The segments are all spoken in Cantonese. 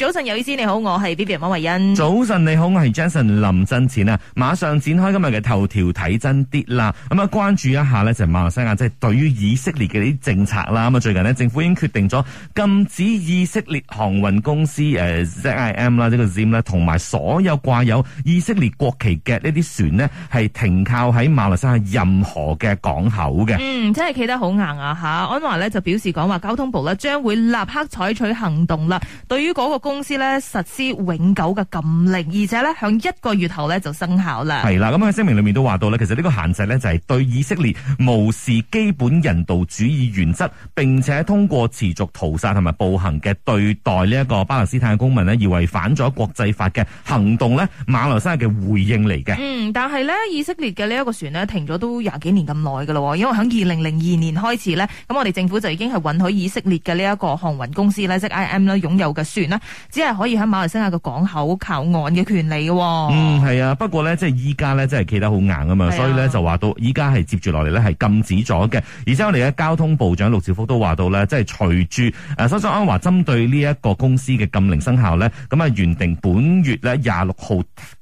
早晨，有意思你好，我係 B B 馬慧恩。早晨你好，我係 Jason 林振錢啊！馬上展開今日嘅頭條睇真啲啦。咁、嗯、啊，關注一下呢就係、馬來西亞即係對於以色列嘅啲政策啦。咁啊，最近呢，政府已經決定咗禁止以色列航運公司誒 Z I M 啦，呢、呃、個 Zim 啦，同埋所有掛有以色列國旗嘅呢啲船呢，係停靠喺馬來西亞任何嘅港口嘅。嗯，真係企得好硬啊！吓、啊，安華呢，就表示講話交通部呢，將會立刻採取行動啦，對於嗰、那個。公司咧實施永久嘅禁令，而且咧喺一個月後咧就生效啦。係啦，咁喺聲明裏面都話到咧，其實呢個限制咧就係、是、對以色列無視基本人道主義原則，並且通過持續屠殺同埋暴行嘅對待呢一個巴勒斯坦嘅公民咧，違反咗國際法嘅行動咧，馬來西亞嘅回應嚟嘅。嗯，但係呢，以色列嘅呢一個船咧停咗都廿幾年咁耐嘅咯，因為喺二零零二年開始呢，咁我哋政府就已經係允許以色列嘅呢一個航運公司咧，即係 I M 咧擁有嘅船啦。只係可以喺馬來西亞嘅港口靠岸嘅權利嘅、哦。嗯，係啊，不過咧，即係依家咧，真係企得好硬嘛啊嘛，所以咧就話到依家係接住落嚟咧，係禁止咗嘅。而且我哋嘅交通部長陸兆福都話到咧，即係隨住誒，首、啊、相安華針對呢一個公司嘅禁令生效咧，咁啊原定本月咧廿六號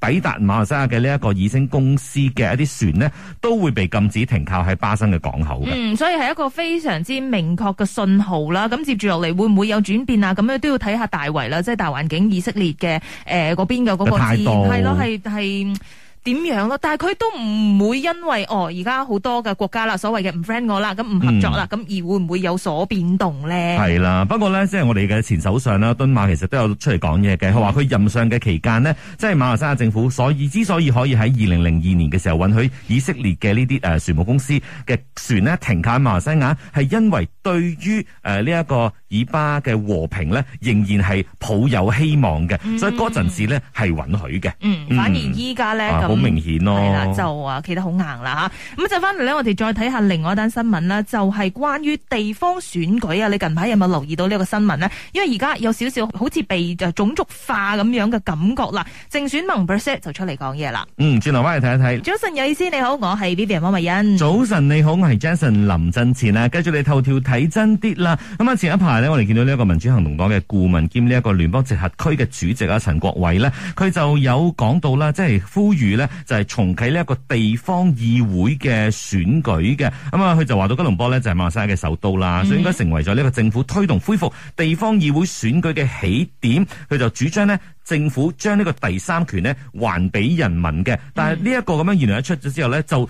抵達馬來西亞嘅呢一個以星公司嘅一啲船呢，都會被禁止停靠喺巴生嘅港口。嗯，所以係一個非常之明確嘅信號啦。咁接住落嚟會唔會有轉變啊？咁樣都要睇下大圍啦。即係大環境以色列嘅，誒嗰邊嘅嗰個態度係咯係係點樣咯？但係佢都唔會因為哦而家好多嘅國家啦，所謂嘅唔 friend 我啦，咁唔合作啦，咁、嗯、而會唔會有所變動咧？係啦，不過咧即係我哋嘅前首相啦，敦馬其實都有出嚟講嘢嘅，佢話佢任上嘅期間呢，即係馬來西亞政府，所以之所以可以喺二零零二年嘅時候允許以色列嘅呢啲誒船務公司嘅船呢停靠馬來西亞，係因為對於誒呢一個。以巴嘅和平咧，仍然係抱有希望嘅，所以嗰陣時咧係允許嘅、嗯。嗯，反而依家咧，好、嗯啊、明顯咯，就啊企得好硬啦嚇。咁就翻嚟咧，我哋再睇下另外一單新聞啦，就係、是、關於地方選舉啊。你近排有冇留意到呢一個新聞呢？因為而家有少少好似被就種族化咁樣嘅感覺啦。正選民、Burset、就出嚟講嘢啦。嗯，轉頭翻嚟睇一睇。早晨，有意思，你好，我係 Vivian 王慧欣。早晨，你好，我係 Jason 林振前啊。繼續你頭條睇真啲啦。咁啊，前一排。我哋見到呢一個民主行動黨嘅顧問兼呢一個聯邦直轄區嘅主席啊陳國偉咧，佢就有講到啦，即係呼籲咧就係重啟呢一個地方議會嘅選舉嘅。咁、嗯、啊，佢就話到吉隆坡咧就係馬來西亞嘅首都啦，嗯，所以應該成為咗呢個政府推動恢復地方議會選舉嘅起點。佢就主張咧，政府將呢個第三權咧還俾人民嘅。但係呢一個咁樣言論一出咗之後咧就。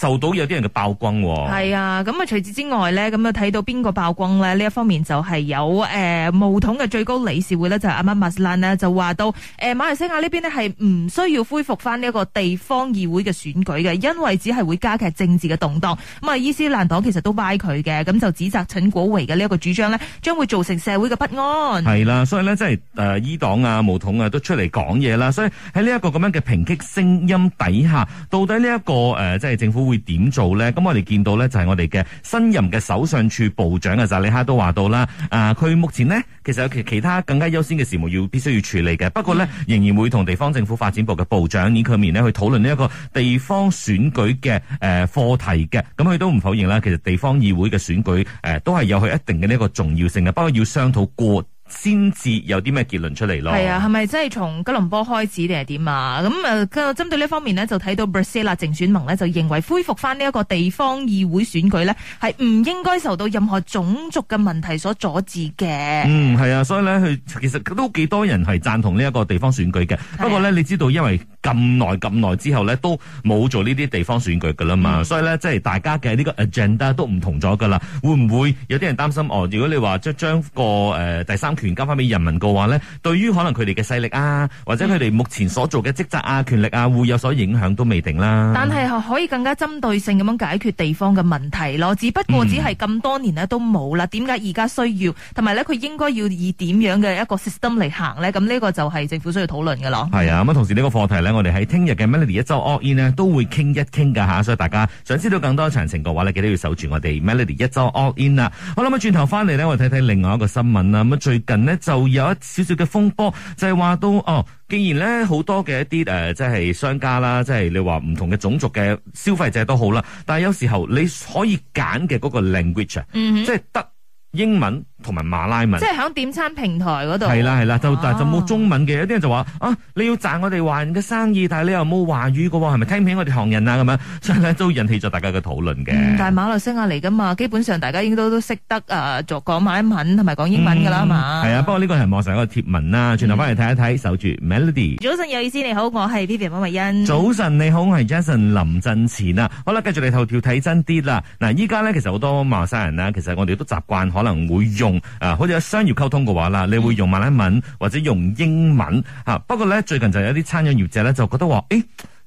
受到有啲人嘅曝光，係啊，咁啊，除此之外咧，咁啊，睇到邊個曝光咧？呢一方面就係有誒，巫、呃、統嘅最高理事會呢就阿末馬斯蘭呢，就話、是、到誒、呃、馬來西亞呢邊呢係唔需要恢復返呢一個地方議會嘅選舉嘅，因為只係會加劇政治嘅動盪。咁啊，伊斯蘭黨其實都歪佢嘅，咁就指責陳國維嘅呢一個主張呢，將會造成社會嘅不安。係啦、啊，所以呢，即係誒伊黨啊、巫 統啊都出嚟講嘢啦。所以喺呢一個咁樣嘅抨擊聲音底下，到底呢、這、一個、呃、即係政府。會點做咧？咁我哋見到咧就係、是、我哋嘅新任嘅首相署部長嘅扎麗哈都話到啦。啊、呃，佢目前呢，其實有其其他更加優先嘅事務要必須要處理嘅。不過咧仍然會同地方政府發展部嘅部長面佢面咧去討論呢一個地方選舉嘅誒、呃、課題嘅。咁佢都唔否認啦，其實地方議會嘅選舉誒、呃、都係有佢一定嘅呢個重要性嘅。不過要商討過。先至有啲咩結論出嚟咯？係啊，係咪真係從吉隆坡開始定係點啊？咁啊，針、呃、對呢方面呢，就睇到 Bersih 淨選盟呢，就認為恢復翻呢一個地方議會選舉呢，係唔應該受到任何種族嘅問題所阻止嘅。嗯，係啊，所以呢，佢其實都幾多人係贊同呢一個地方選舉嘅。不過呢、啊，你知道因為咁耐咁耐之後呢，都冇做呢啲地方選舉噶啦嘛、嗯，所以呢，即係大家嘅呢個 agenda 都唔同咗噶啦。會唔會有啲人擔心哦？如果你話即將個誒、呃、第三？權交翻俾人民嘅話呢，對於可能佢哋嘅勢力啊，或者佢哋目前所做嘅職責啊、權力啊，會有所影響都未定啦。但係可以更加針對性咁樣解決地方嘅問題咯。只不過只係咁多年呢都冇啦。點解而家需要？同埋咧，佢應該要以點樣嘅一個 system 嚟行呢？咁、這、呢個就係政府需要討論嘅咯。係啊，咁同時呢個課題呢，我哋喺聽日嘅 Melody 一週 all in 呢，都會傾一傾㗎嚇。所以大家想知道更多詳情嘅話呢，記得要守住我哋 Melody 一週 all in 啦。好啦，咁轉頭翻嚟呢，我哋睇睇另外一個新聞啦。咁最。近咧就有一少少嘅風波，就係話到哦，既然咧好多嘅一啲誒即係商家啦，即係你話唔同嘅種族嘅消費者都好啦，但係有時候你可以揀嘅個 language，啊、嗯，即係得英文。同埋馬拉文，即係喺點餐平台嗰度。係啦係啦，就就就冇中文嘅，啊，有啲人就話啊，你要賺我哋華人嘅生意，但係你又冇華語嘅喎，係咪聽唔起我哋唐人啊咁樣？所以咧都引起咗大家嘅討論嘅，嗯。但係馬來西亞嚟噶嘛，基本上大家應該都都識得啊，作講馬文同埋講英文㗎啦嘛。係啊，嗯嗯，不過呢個係網上一個貼文啦，轉頭翻嚟睇一睇，嗯，守住 Melody。早晨有意思，你好，我係 P P P 寶蜜欣。早晨你好，我係 Jason 林振前啊。好啦，跟住嚟頭條睇真啲啦。嗱，依家咧其實好多馬來西人咧，其實我哋都習慣可能會用。啊，好似有商業溝通嘅話啦，你會用馬來文或者用英文嚇，啊。不過咧，最近就有啲餐飲業者咧，就覺得話，誒。欸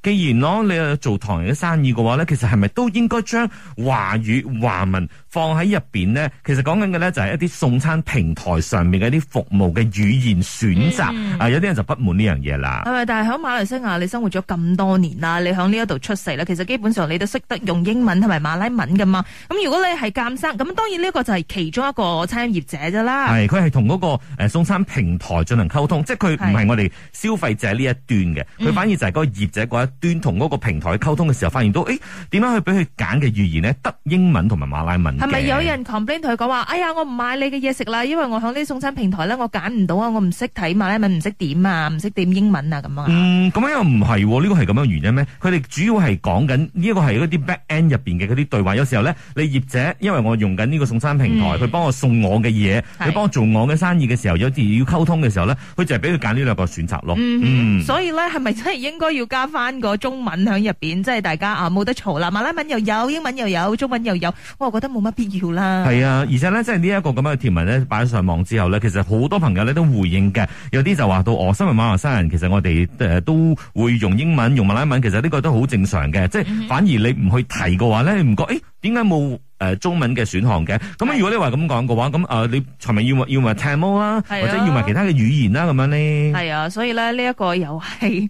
既然咯，你又做唐人嘅生意嘅話咧，其實係咪都應該將華語、華文放喺入邊呢？其實講緊嘅咧就係一啲送餐平台上面嘅一啲服務嘅語言選擇啊、嗯，有啲人就不滿呢樣嘢啦。係咪？但係喺馬來西亞你生活咗咁多年啦，你喺呢一度出世啦，其實基本上你都識得用英文同埋馬來文噶嘛。咁如果你係鑒生咁，當然呢個就係其中一個餐飲業者啫啦。係，佢係同嗰個誒送餐平台進行溝通，即係佢唔係我哋消費者呢一端嘅，佢反而就係個業者嗰一。嗯端同嗰個平台溝通嘅時候，發現到誒，點、欸、樣去俾佢揀嘅語言呢？得英文同埋馬拉文。係咪有人 complain 同佢講話？哎呀，我唔買你嘅嘢食啦，因為我響呢個送餐平台咧，我揀唔到啊，我唔識睇馬拉文不懂，唔識點啊，唔識點英文啊，咁啊？嗯，咁又唔係、啊，呢個係咁樣嘅原因咩？佢哋主要係講緊呢個係嗰啲 back end 入邊嘅嗰啲對話。有時候呢，你業者因為我用緊呢個送餐平台，佢、嗯、幫我送我嘅嘢，佢幫我做我嘅生意嘅時候，有啲要溝通嘅時候呢，佢就係俾佢揀呢兩個選擇咯、嗯嗯。所以呢，係咪真係應該要加翻，個中文喺入邊，即係大家啊冇得嘈啦。馬拉文又有，英文又有，中文又有，我啊覺得冇乜必要啦。係啊，而且咧，即係呢一個咁樣嘅條文咧，擺咗上網之後咧，其實好多朋友咧都回應嘅。有啲就話到我身為馬來西亞人，其實我哋誒、呃、都會用英文、用馬拉文，其實呢個都好正常嘅。即、嗯、係反而你唔去提嘅話咧，你唔覺誒。欸點解冇誒中文嘅選項嘅？咁啊，如果你話咁講嘅話，咁誒，你係咪要埋要埋 Tamil 啦，或者要埋其他嘅語言啦咁樣咧？係啊，所以咧呢一個又係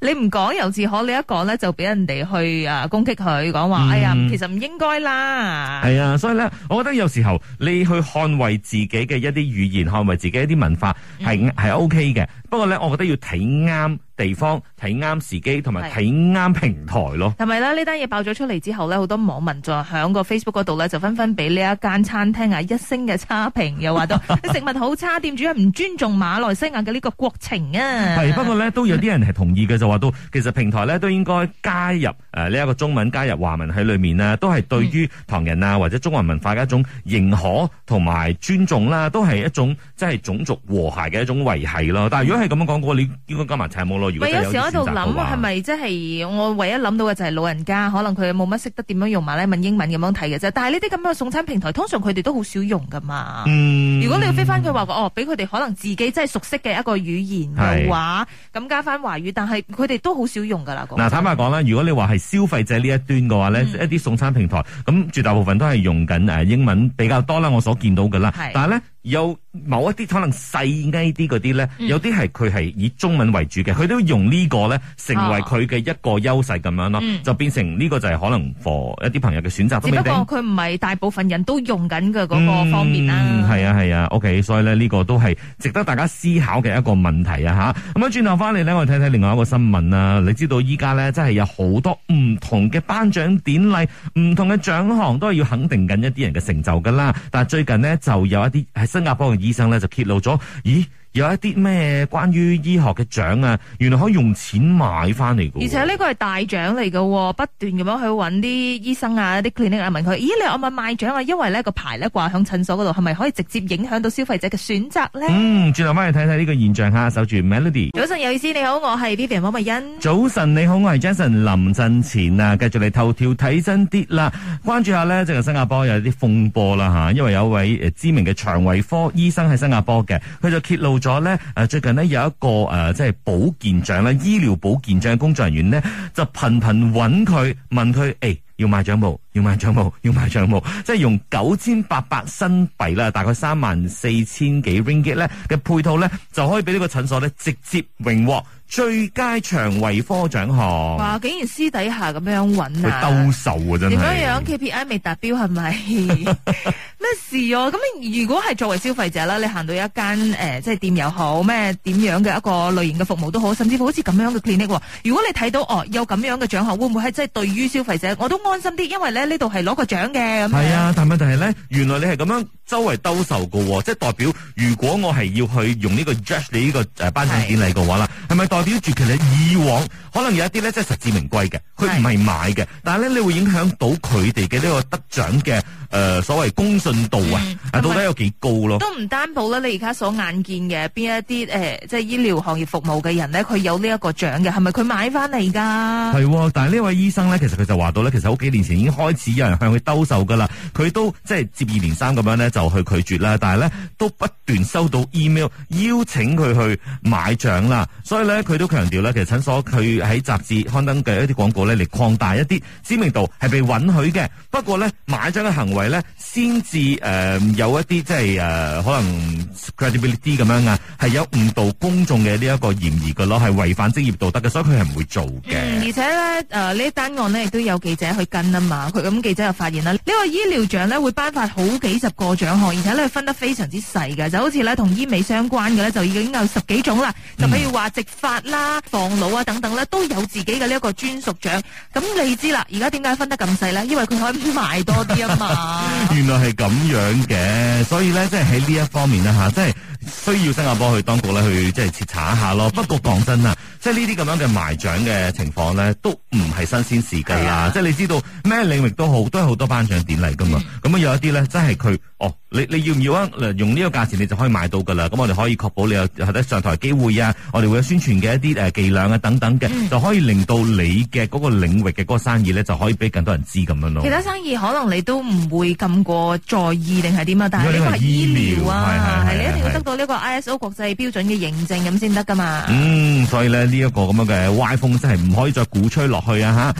你唔講猶自可，你一講咧就俾人哋去啊攻擊佢，講話哎呀，其實唔應該啦。係啊，所以咧，我覺得有時候你去捍衛自己嘅一啲語言，捍衛自己一啲文化，係係 O K 嘅。不過咧，我覺得要睇啱地方、睇啱時機同埋睇啱平台咯。係咪咧？呢單嘢爆咗出嚟之後咧，好多網民在響個 Facebook 嗰度咧，就紛紛俾呢一間餐廳啊一星嘅差評， 又話到食物好差，店主唔尊重馬來西亞嘅呢個國情啊。係，不過咧都有啲人係同意嘅， 就話到其實平台咧都應該加入誒呢一個中文、加入華文喺裏面啊，都係對於唐人啊或者中華文，文化嘅一種認可同埋尊重啦，都係一種即係、就是、種族和諧嘅一種維繫咯。但係如果係咁樣講過，你應該加埋財務咯。喂、嗯,有時喺度諗，係咪即係我唯一諗到嘅就係老人家,可能佢冇乜識得點樣用馬來文、英文咁樣睇嘅啫。但係呢啲咁嘅送餐平台，通常佢哋都好少用噶嘛。嗯，如果你要飛翻佢話話哦，俾佢哋可能自己真係熟悉嘅一個語言嘅話，咁加翻華語，但係佢哋都好少用噶啦。嗱、啊，坦白講啦，如果你話係消費者呢一端嘅話咧，嗯就是、一啲送餐平台咁絕大部分都係用緊誒英文比較多啦，我所見到嘅啦。但係咧。有某一啲可能細啲啲嗰啲咧，有啲係佢係以中文為主嘅，佢都用個呢個咧成為佢嘅一個優勢咁樣咯、嗯，就變成呢、呢個就係可能 for 一啲朋友嘅選擇。只不過佢唔係大部分人都用緊嘅嗰個方面啦、啊。係、嗯、啊係啊，OK，所以咧呢個都係值得大家思考嘅一個問題啊吓。咁樣轉頭翻嚟咧，我睇睇另外一個新聞啦、啊。你知道依家咧，真係有好多唔同嘅頒獎典禮，唔同嘅獎項都係要肯定緊一啲人嘅成就噶啦。但係最近咧就有一啲新加坡嘅醫生咧就揭露咗，咦？有一啲咩關於醫學嘅獎啊，原來可以用錢買翻嚟嘅。而且呢個係大獎嚟喎。不斷咁樣去搵啲醫生啊、啲 clinic 啊問佢，咦，你係咪賣獎啊？因為呢個牌咧掛響診所嗰度，係咪可以直接影響到消費者嘅選擇咧？嗯，轉頭翻去睇睇呢個現象吓，守住 Melody。早晨有意思，你好，我係 Vivian 方慧欣。早晨你好，我係 Jason 林振前啊，繼續嚟頭條睇真啲啦，關注下呢，就係、是、新加坡有啲風波啦吓，因為有一位誒知名嘅腸胃科醫生喺新加坡嘅，佢就揭露咗咧，誒最近呢，有一個誒，即係保健長咧，醫療保健長嘅工作人員咧，就頻頻揾佢問佢，誒、欸、要買獎冇？要買獎冇？要買獎冇？務，即係用九千八百新幣啦，大概三萬四千幾 ringgit 咧嘅配套咧，就可以俾呢個診所咧直接榮獲最佳腸胃科獎項。哇，竟然私底下咁樣揾啊，佢兜售啊，真係點樣樣 KPI 未達標係咪？是 咩事哦、啊？咁你如果係作為消費者啦，你行到一間誒、呃、即係，店又好咩點樣嘅一個類型嘅服務都好，甚至乎好似咁樣嘅 clinic，如果你睇到哦有咁樣嘅獎項，會唔會係即係對於消費者我都安心啲？因為咧呢度係攞個獎嘅咁係、嗯、啊，但問題係咧，原來你係咁樣周圍兜售嘅，即係代表如果我係要去用呢個 judge 你呢個誒頒獎典禮嘅話啦，係咪代表住其實以往可能有一啲咧即係實至名歸嘅，佢唔係買嘅，但係咧你會影響到佢哋嘅呢個得獎嘅誒所謂公信進度啊，啊到底有幾高咯，嗯？都唔擔保啦。你而家所眼見嘅邊一啲誒、呃，即係醫療行業服務嘅人咧，佢有呢一個獎嘅，係咪佢買翻嚟噶？係，但係呢位醫生咧，其實佢就話到咧，其實好幾年前已經開始有人向佢兜售噶啦，佢都即係接二連三咁樣咧就去拒絕啦。但係咧，都不斷收到 email 邀請佢去買獎啦。所以咧，佢都強調咧，其實診所佢喺雜誌刊登嘅一啲廣告咧，嚟擴大一啲知名度係被允許嘅。不過咧，買獎嘅行為咧，先至。啲、呃、有一啲即係誒可能 credibility 咁樣啊，係有誤導公眾嘅呢一個嫌疑嘅咯，係違反職業道德嘅，所以佢係唔會做嘅、嗯。而且咧誒呢單、呃、案呢，亦都有記者去跟啊嘛，佢咁記者就發現啦，呢、這個醫療獎咧會頒發好幾十個獎項，而且咧分得非常之細嘅，就好似咧同醫美相關嘅咧，就已經有十幾種啦，就譬如話直髮啦、嗯、防老啊等等咧，都有自己嘅呢一個專屬獎。咁你知啦，而家點解分得咁細咧？因為佢可以賣多啲啊嘛。 原來係咁。咁樣嘅，所以咧，即係喺呢一方面咧吓，即係需要新加坡去當局咧去即係徹查一下咯。不過講真啊，即係呢啲咁樣嘅埋獎嘅情況咧，都唔係新鮮事㗎啦。即係你知道咩領域都好，都係好多頒獎典禮㗎嘛。咁、嗯、啊有一啲咧，真係佢哦。你你要唔要啊？嗱，用呢個價錢你就可以買到噶啦。咁我哋可以確保你有上台機會啊。我哋會有宣傳嘅一啲誒伎倆啊等等嘅，嗯，就可以令到你嘅嗰個領域嘅嗰個生意咧就可以俾更多人知咁樣咯。其他生意可能你都唔會咁過在意定係點啊？但係呢個係醫療啊，係一定要得到呢個 ISO 是是國際標準嘅認證咁先得噶嘛。嗯，所以咧呢一個咁樣嘅歪風真係唔可以再鼓吹落去啊！